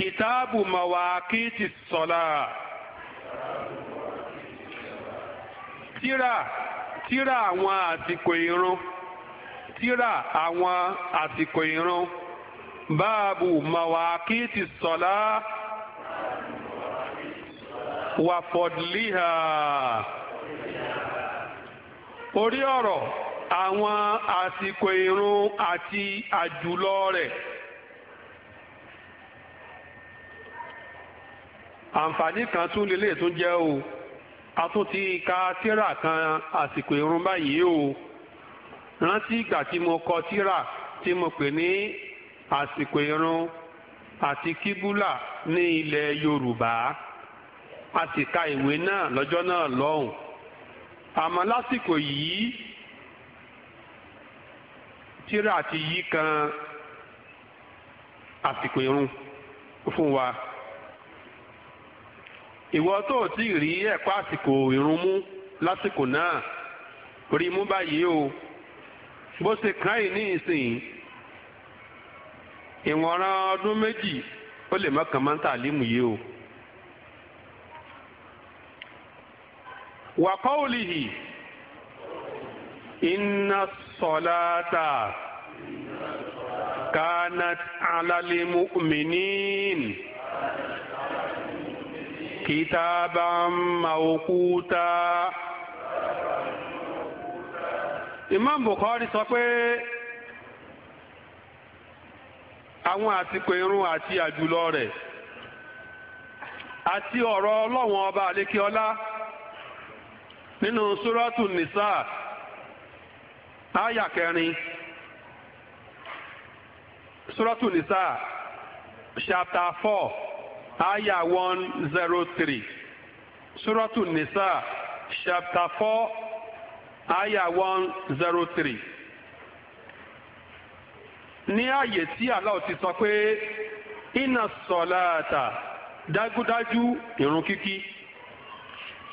kìtáàbù mawakiti sọlá tíra tíra àwọn àsìkò ìrun tíra àwọn àsìkò ìrun báàbù mawakiti sọlá wàfọdìlíhà orí ọ̀rọ̀ àwọn àsìkò ìrun àti àjùlọ rẹ̀. àǹfààní kan tún lélẹ̀ tún jẹ́ o a tún ti ka tíra kan àsìkò ìrun báyìí o rántí ìgbà tí mo kọ tíra tí mo pè ní àsìkò ìrun àti kíbúlà ní ilẹ̀ Yorùbá a sì ka ìwé náà lọ́jọ́ náà lọ́hùn àmọ́ lásìkò yìí tíra ti yí kan àsìkò ìrun fún wa ìwọ tó o ti rí ẹ̀kọ́ àsìkò ìrun mú lásìkò náà rí mú báyìí o bó ṣe kàn yìí ní ìsìn ìwọ̀nràn ọdún méjì ó lè mọ́kàn máa ń tà límù yìí o. wa qawlihi inna salata kanat alal mu'minin kitaban mawquta. Imam Bukhari sọ pé àwọn àsìkò irun àti àjùlọ rẹ̀ àti ọ̀rọ̀ ọlọ́wọ́n ọba àlékíọ́lá nínú súrọ́tù nìsà áyà kẹrin súrọ́tù nìsà chapter four aya 1:03, zero nisa chapter 4, aya 1:03. zero three ní ààyè tí Allah ti sọ pé iná sọ̀láàtà dájúdájú ìrun kíkí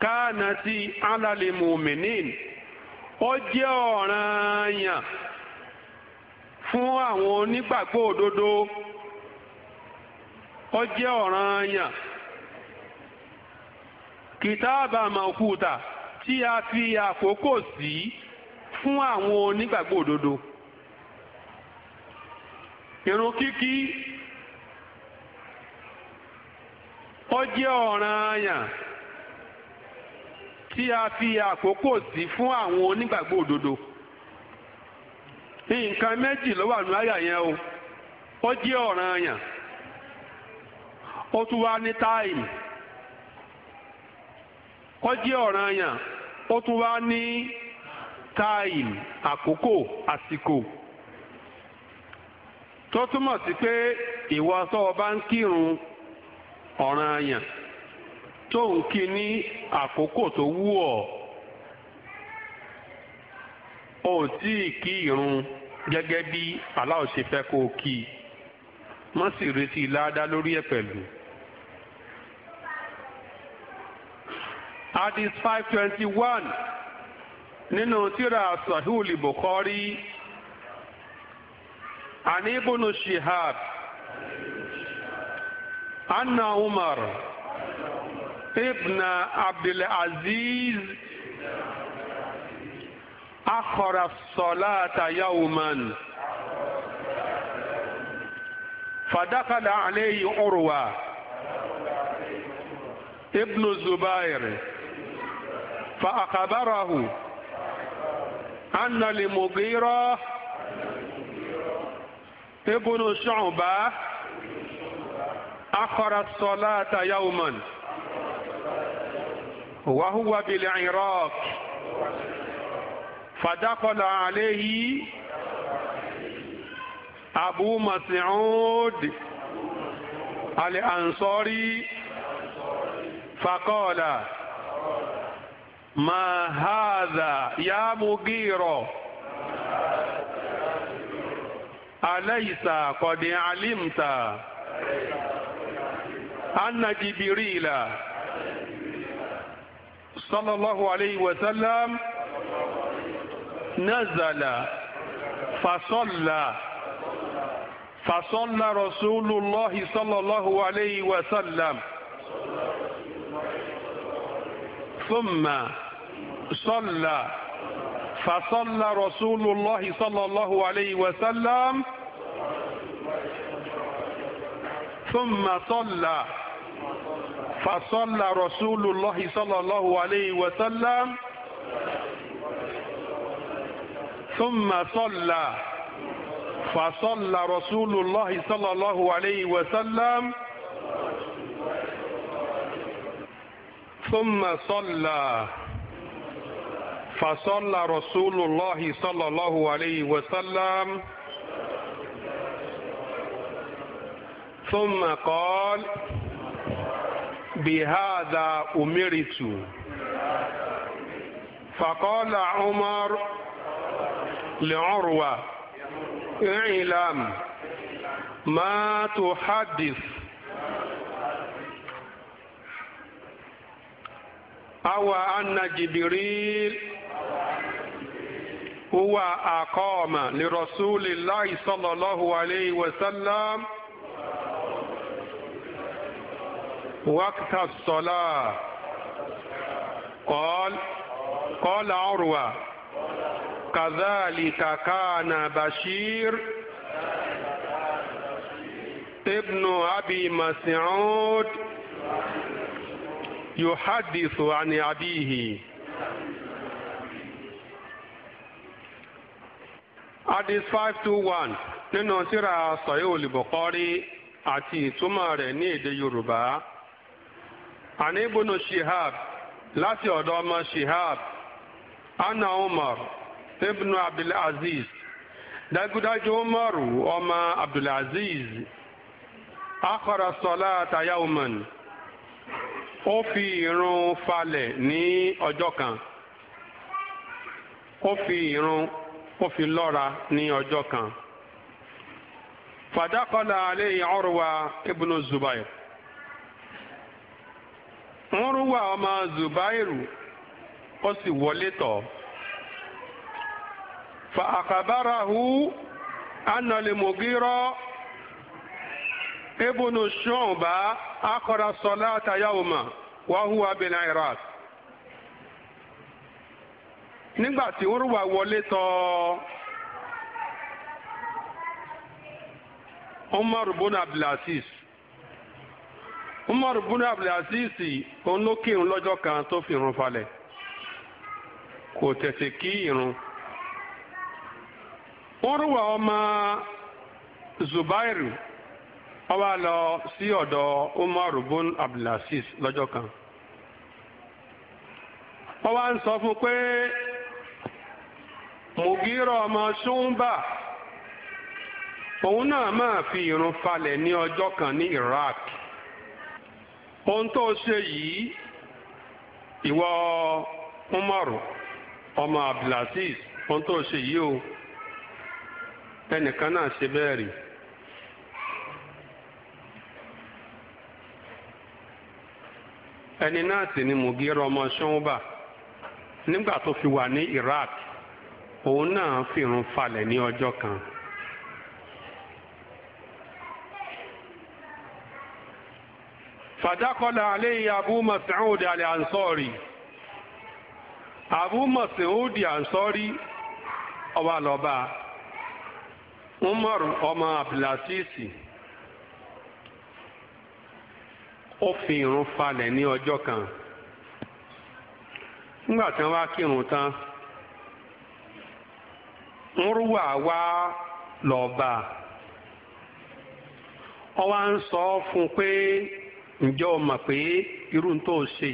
káànà tí alálẹ̀ mùmínín ó jẹ́ ọ̀ranyàn fún àwọn onígbàgbọ́ òdodo. ó jẹ́ ọ̀ranyàn kìtàbà màkúta tí a fi àkókò sí fún àwọn onígbàgbọ́ òdodo irun kíkí ó jẹ́ anya, tí a fi àkókò sí fún àwọn onígbàgbọ́ òdodo nǹkan méjì ló wà nínú àyà yẹn o ó jẹ́ ọ̀ranyàn. ó tún wá ní táì ó jẹ́ ọ̀ranyàn ó tún wá ní táì àkókò àsìkò tó túmọ̀ sí pé ìwọ tó o bá ń kírun ọ̀ranyàn tó ń kí ní àkókò tó wú o tí ì kí irun gẹ́gẹ́ bí aláòṣe fẹ́ kó o kí i mọ́ sì retí hadith 521 twenty one nínú tírà sahihul bukhari an ibn shihab anna umar ibn abdul aziz akhara salata yawman fadakala alayhi urwa ibn zubair. فأخبره أن المغيرة ابن شعبة أخر الصلاة يوما وهو بالعراق فدخل عليه أبو مسعود الأنصاري فقال ما هذا يا مغيرة أليس قد علمت أن جبريل صلى الله عليه وسلم نزل فصلى فصلى رسول الله صلى الله عليه وسلم ثم صلى فصلى رسول الله صلى الله عليه وسلم ثم صلى فصلى رسول الله صلى الله عليه وسلم ثم صلى فصلى رسول الله صلى الله عليه وسلم ثم صلى فصلى رسول الله صلى الله عليه وسلم ثم قال بهذا أمرت فقال عمر لعروة اعلم ما تحدث أو أن جبريل هو أقام لرسول الله صلى الله عليه وسلم وقت الصلاة قال قال عروة كذلك كان بشير ابن أبي مسعود يحدث عن أبيه hadith five two one nínú síra sọ̀yẹ́ olùbọ̀kọ́rí àti ìtumọ̀ rẹ̀ ní èdè yorùbá. àní shihab láti ọ̀dọ̀ ọmọ shihab anna umar ibnu abdulaziz dájúdájú umaru ọmọ abdulaziz akọ̀rọ̀ sọlá tayauman ó fi irun falẹ̀ ní ọjọ́ kan ó fi irun ó fi lọ́ra ní ọjọ́ kan. fàdákọ́lá alayhi Urwa ibnu Zubair. Urwa ọmọ ọ ó sì wọlé tọ̀. fa akhbarahu anna al-Mughira ibnu Shu'ba akhara salata yawma wa huwa bil Iraq. nígbà tí orúwà wọlé tọ̀ Umar ibn Abdulaziz Umar ibn Abdulaziz òun ló kírun lọ́jọ́ kan tó fi irun falẹ̀ kò tètè kí irun orúwà ọmọ Zubairu ó wá lọ sí ọ̀dọ̀ Umar ibn Abdulaziz lọ́jọ́ kan ó wá ń sọ fún pé. mùgírọ̀ ọmọ ṣùnbà òun náà máa fi irun falẹ̀ ní ọjọ́ kan ní Iraq ohun tó ṣe yìí ìwọ Umaru ọmọ Abdulaziz ohun tó ṣe yìí o ẹnìkan náà ṣe bẹ́ẹ̀ rí. ẹni náà sì ni mùgírọ̀ ọmọ ṣùnbà nígbà tó fi wà ní Iraq. òun náà fìrun falẹ̀ ní ọjọ́ kan. fàdákọ́lá aléyìí Abu Mas'ud al-Ansari Abu ọba lọ́ba ọmọ abdulazizi ó fi irun falẹ̀ ní kan nígbà tí wọ́n múrúwà wá lọ́ọ̀bà ọwọ́ à ń sọ fún pé ǹjẹ́ o mọ̀ pé irú tó o ṣe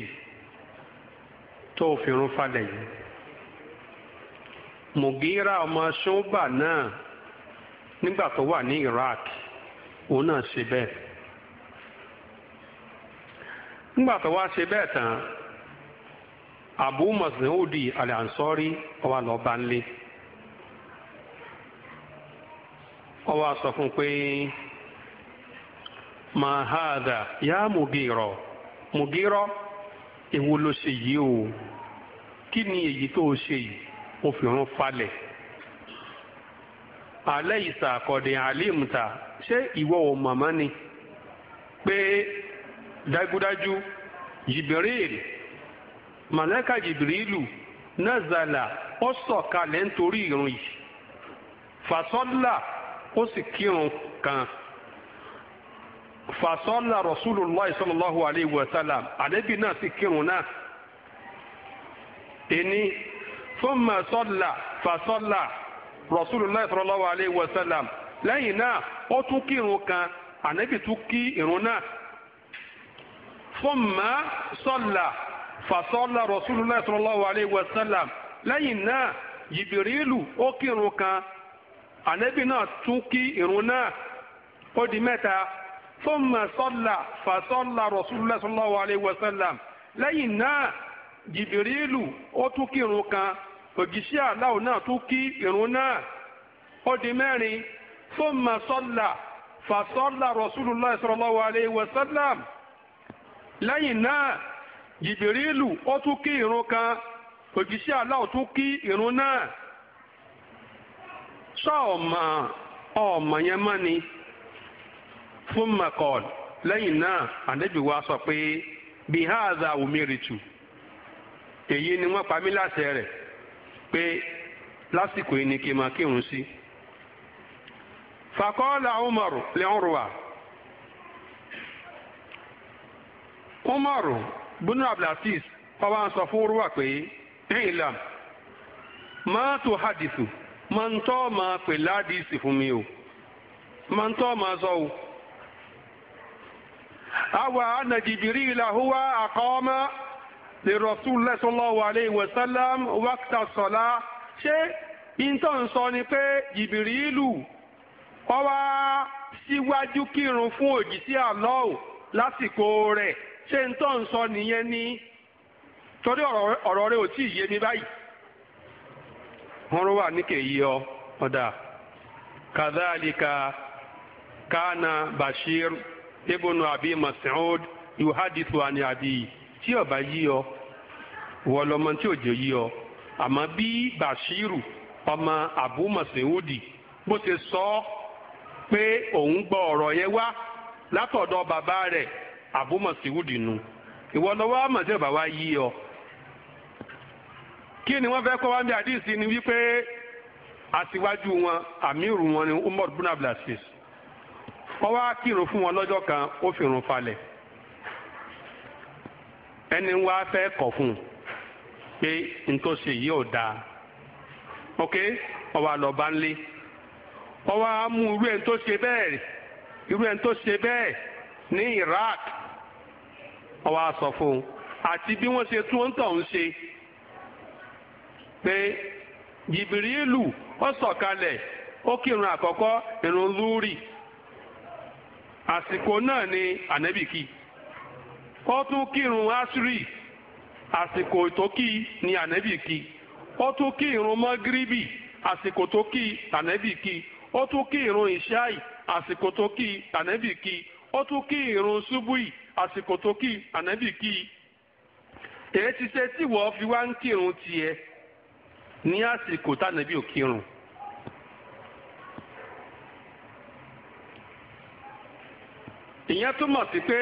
tó o fi run falẹ̀ yìí ọmọ ṣọba náà nígbà tó wà ní Iraq òun náà ṣe bẹ́ẹ̀ nígbà tó wá ṣe bẹ́ẹ̀ tán Abu Mas'udi al-Ansari ó wá lọ ó wá fún pé mahada ya mugiro mugiro èwo ló ṣe yìí o kí ni èyí tó o ṣe yìí mo fi hàn falẹ̀ alẹ́ ìsà àkọ́dé àlímùtà ṣé ìwọ ò màmá ni pé dájúdájú jìbìrìlì màlẹ́kà jìbìrìlù nazala ó sọ̀kalẹ̀ nítorí ìrun yìí ó sì kírun kan fasọ́lá rasulillah sallallahu alayhi wa sallam ànábì náà sì kírun náà ẹni thumma sọ́lá fasọ́lá rasulillah sallallahu alayhi wa sallam lẹ́yìn náà ó tún kírun kan ànábì tún kí irun náà thumma sọ́lá fasọ́lá rasulillah sallallahu alayhi wa sallam lẹ́yìn náà jìbìrìlù ó kírun kan ànábì náà tún kí irun náà ó di mẹ́ta thumma salla fa salla rasulullah sallallahu alayhi wa sallam lẹ́yìn náà jìbìrìlù ó tún kí irun kan òjíṣẹ́ aláwo náà tún kí irun náà ó di mẹ́rin thumma salla fa salla rasulullah sallallahu lẹ́yìn náà jìbìrìlù ó tún kí irun kan òjíṣẹ́ aláwo tún kí irun náà. sọ ọ̀mà ọ̀mà yẹn mọ́ ni fún mẹ́kọ̀ọ́d lẹ́yìn náà ànábì sọ pé bihaza umiritu èyí ni wọ́n pa mí láṣẹ rẹ̀ pé lásìkò yìí ni kí n máa kírun sí. fakọ́lá umaru lẹ́hùnrùwà umaru bunu abdulaziz ọba ń sọ fún urwa pé ìlà máa tó hadithu. máa ń tọ́ máa pè ládìsì fún mi o máa ń tọ́ máa sọ o. àwa àna Jibril huwa aqama li Rasulullah sallallahu alayhi wa sallam waqta salah ṣé ìtọ́ ń sọ ni pé Jibrilu ó wá síwájú kírun fún òjíṣẹ́ àlọ́ọ̀ lásìkò rẹ̀ ṣé ìtọ́ ń sọ nìyẹn ni torí ọ̀rọ̀ rẹ̀ ò tí ì yé mi báyìí. wọ́n wà ní kèyí ọ ọ̀dà kàdáàlìkà kánà bashir ibùnú àbí mas'ud yuhadithu abi àbí tí ọba yí ọ wọlọ mọ tí o òjò yí ọ àmọ́ bí bashiru ọmọ abu mas'udi bó ṣe sọ pé òun gbọ ọrọ yẹn wá látọ̀dọ̀ bàbá rẹ̀ abu mas'udi nu ìwọ lọ́wọ́ àmọ̀ tí ọba wa yí ọ. kí ni wọ́n fẹ́ kọ́ wá ní àdìsí ni wípé aṣíwájú wọn amiru wọn ni Umar bin Abdulaziz wọ́n wá kírun fún wọn lọ́jọ́ kan ó fi run falẹ̀ ẹni wá fẹ́ kọ̀ fún un pé n tó ṣe yìí ò dáa ok wọ́n wá lọ bá ń lé wọ́n wá irú ẹni tó ṣe bẹ́ẹ̀ irú ẹni tó ṣe bẹ́ẹ̀ ní Iraq wọ́n wá àti bí wọ́n ṣe tún ń tọ̀ ń ṣe. pé jìbìrìlù ó sọ̀kalẹ̀ ó kírun àkọ́kọ́ irun lúrì àsìkò náà ni ànẹ́bìkì ó tún kírun asiri àsìkò ìtókì ni ànẹ́bìkì ó tún kí ìrun mọ́gíríbì àsìkò tó kí ànẹ́bìkì ó tún kí ìrun ìṣáì àsìkò tó kí ànẹ́bìkì ó tún kí ìrun ṣubúì àsìkò tó kí èyí ti ṣe tí wọ́n fi wá ń kírun tiẹ̀. ní àsìkò tánàbí ò kírun. ìyẹn túmọ̀ sí pé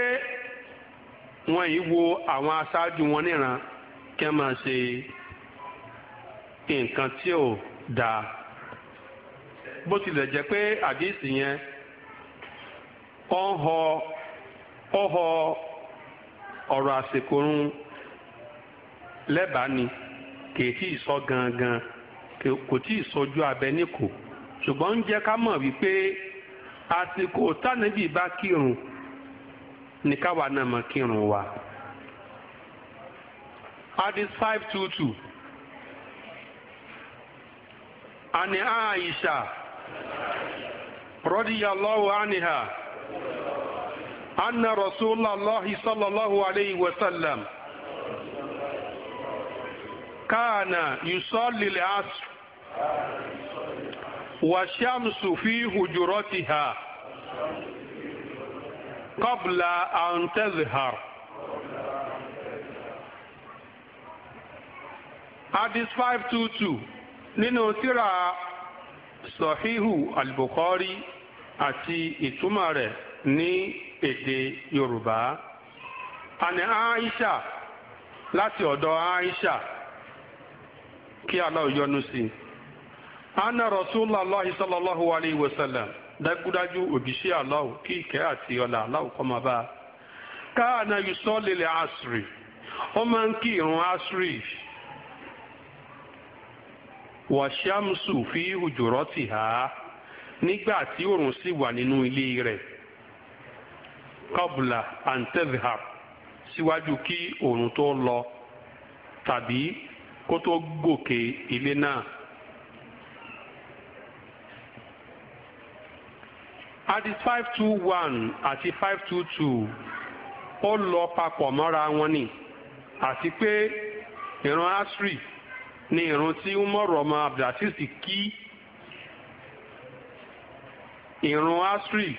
wọ́n yìí wo àwọn aṣáájú wọn níran kí wọ́n máa ṣe nǹkan tí ò dáa bó tilẹ̀ jẹ́ pé àdéhìsì yẹn ọ̀họ̀ ọ̀họ̀ ọ̀rọ̀ àsìkò run lẹ́bàá ni. kìí tí ì sọ gangan kò tí ì sọjú abẹ níkò ṣùgbọ́n ń jẹ́ ká mọ̀ wípé àsìkò tánàbì bá kírun ní káwa náà mọ̀ kírun wa. Hadith five two two. Ani Aisha radiyallahu anha anna rasulallah sallallahu alayhi wa sallam. كان يصلي العصر والشمس في حجرتها قبل أن تظهر Hadith 522 nínú tírà Sọ̀híhù Al-Bukhari àti ìtumọ̀ rẹ̀ ní èdè Yorùbá. Àní Aisha láti ọ̀dọ̀ Aisha kí Allah yọ́nú sí i anna rasulallah sallallahu alayhi wa sallam dájúdájú òjíṣẹ́ Allah kí ìkẹ́ àti ọlá Allah kó máa bá a káàna yusalli li asri ó máa ń kí ìrun asri wa shamsu fi hujuratiha nígbà tí òòrùn sì wà nínú ilé rẹ̀ qabla an tadhhab síwájú kí òòrùn tó lọ tàbí kó tó gòkè ilé náà. hadith five two one àti five two two ó lọ papọ̀ mọ́ra wọn ni àti pé ìran asri ni ìran tí umaru ọmọ abdulaziz kí ìran asri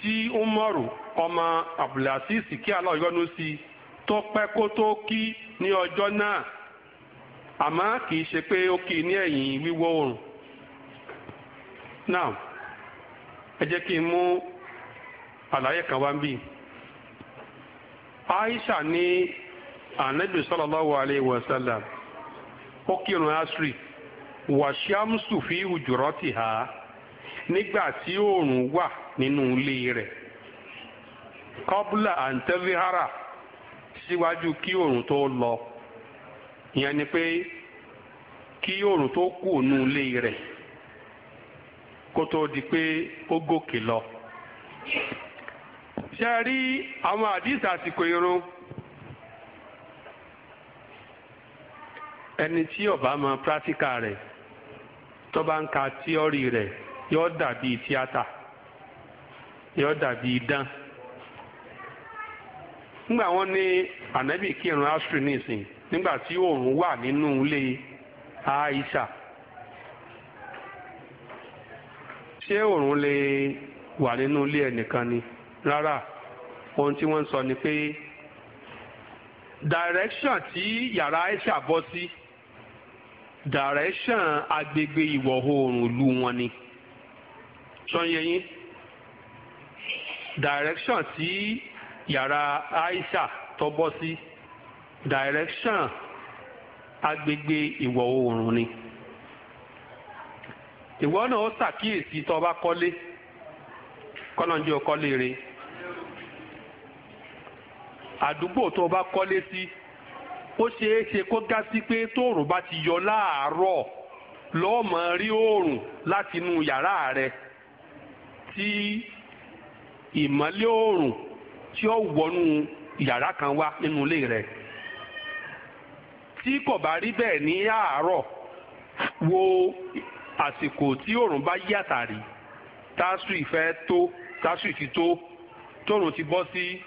tí umaru ọmọ abdulaziz kí aláwọ̀ yọ́nú sí tó pẹ́ kó tó kí ní ọjọ́ náà. àmọ́ kì se ṣe pé ó kì ní ẹ̀yìn wíwọ̀ oòrùn now ẹ jẹ́ kí n mú àlàyé kan wá ń Aisha ní anabi sallallahu alayhi wa sallam ó kírun asri wàṣíàmùsù fi hùjùrọ́tì ha nígbà tí oòrùn wà nínú ilé rẹ̀ kọ́bùlà àǹtẹ́fíhárà síwájú lọ. ìyẹn ni pé kí òòrùn tó kù nù ilé rẹ kó tó di pé ó gòkè lọ. ṣe rí àwọn àdìsí àsìkò irun ẹni tí ó bá mọ pírátíkà rẹ̀ tó bá ń ka tíọ́rì rẹ yóò dàbí tíátà yóò dàbí dán nígbà wọn ní ànábì kírun asri nísìn nígbà tí òòrùn wà nínú ilé Aisha ṣé òòrùn lè wà nínú ilé ẹnìkan ni rárá ohun tí wọ́n sọ ni pé direction tí yàrá Aisha bọ́ sí direction agbègbè ìwọ̀ oòrùn ìlú wọn ni sọ direction tí yàrá Aisha tó sí direction agbègbè ìwọ̀ oòrùn ni ìwọ náà ó ṣàkíyèsí tó bá kọ́lé kọ́lọ́njẹ́ ọkọ́lé rẹ̀ àdúgbò tó bá kọ́lé sí ó ṣeé ṣe kó gá sí pé tóòrùn bá ti yọ láàárọ̀ lọ́ọ́ mọ̀ rí oòrùn látinú yàrá rẹ̀ tí ìmọ́lẹ̀ oòrùn tí ó wọnú yàrá kan wá nínú ilé rẹ̀ tí kò bá rí bẹ́ẹ̀ ní àárọ̀ wo àsìkò tí òòrùn bá yí àtàrí tásù ìfẹ́ tó tásù ìfi tó tóòrùn ti bọ́ sí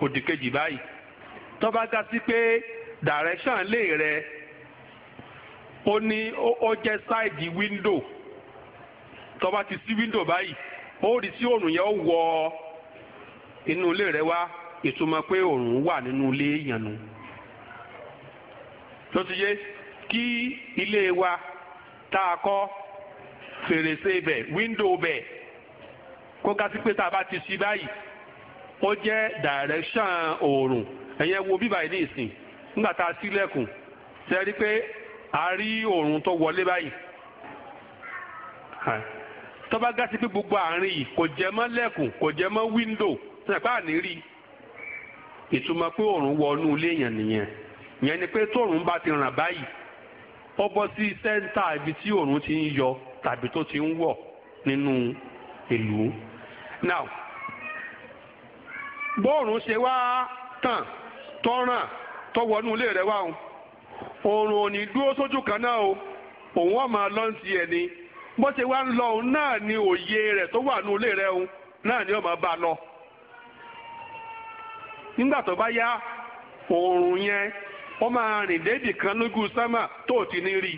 òdì kejì báyìí tó bá dá sí pé direction ilé rẹ̀ ó ní ó jẹ́ sáìdì window tó bá ti sí wíńdò báyìí ó rí sí òòrùn yẹn ó wọ ọ inú ilé rẹ wá ìtumọ̀ pé òòrùn wà nínú ilé èèyàn nu tó ti yé kí ilé wa tá a kọ́ fèrèsé bẹ̀ wíńdò bẹ̀ kó ká sí pé tá a bá ti ṣí báyìí ó jẹ́ direction òòrùn ẹ̀yẹ wo bíbá yìí ní nígbà tá a sílẹ̀kùn ṣe rí pé a rí òòrùn tó wọlé báyìí tó bá pé gbogbo àárín yìí kò jẹ́ mọ́ lẹ̀kùn kò jẹ́ mọ́ wíńdò. sẹ̀pá àníri ìtumọ̀ pé òòrùn wọnú ilé yẹn nìyẹn yẹn ni pé tóòrùn bá ti ràn báyìí ó bọ́ sí sẹ́ńtà ibi tí òòrùn ti ń yọ tàbí tó ti ń wọ̀ nínú ìlú. now bóòrùn ṣe wá tàn tọ́ràn tó wọnú ilé rẹ̀ wá òòrùn ò ní dúró sójú kan náà o òun ọ̀ máa lọ́n ti ẹ̀ ni bó ṣe wá ń lọ òun náà ni òye rẹ̀ tó wà nú ilé rẹ̀ òun náà ni ó máa bá a lọ. nígbà tó bá yá oòrùn yẹn ó máa rìn débì kan lójú sámà tó ti ní rí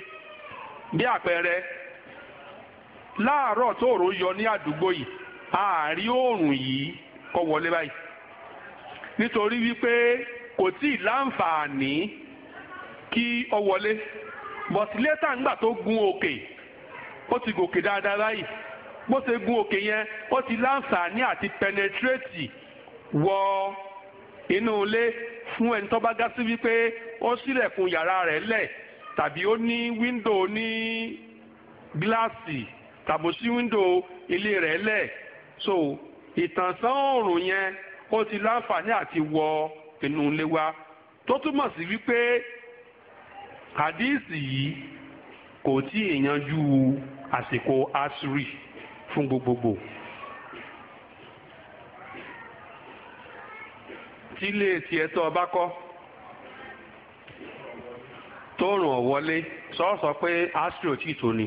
bí àpẹẹrẹ láàárọ̀ tóòrùn yọ ní àdúgbò yìí ààrí oòrùn yìí kò wọlé báyìí nítorí wípé kò tí ì láǹfààní kí ọ wọlé bọ̀tí létà ńgbà tó gun òkè ó ti gòkè dáadáa báyìí bó ṣe gun òkè yẹn ó ti láǹfààní àti pẹnẹtírétì wọ inú ilé fún ẹni tó bá gá sí wípé ó sílẹ̀kùn yàrá rẹ̀ lẹ̀ tàbí ó ní wíńdò ní gíláàsì tàbí ó sí wíńdò ilé rẹ̀ lẹ̀ so ìtànsán oòrùn yẹn ó ti láǹfààní àti wọ inú ilé wa tó túmọ̀ sí wípé àdíìsì yìí kò tí ì yanjú àsìkò àṣírí fún gbogbogbò. tí ilé tiẹ̀ tó ọba kọ́ tóòrùn ọ̀wọ́lé sọ́ọ̀sọ́ pé astro tí tó ni.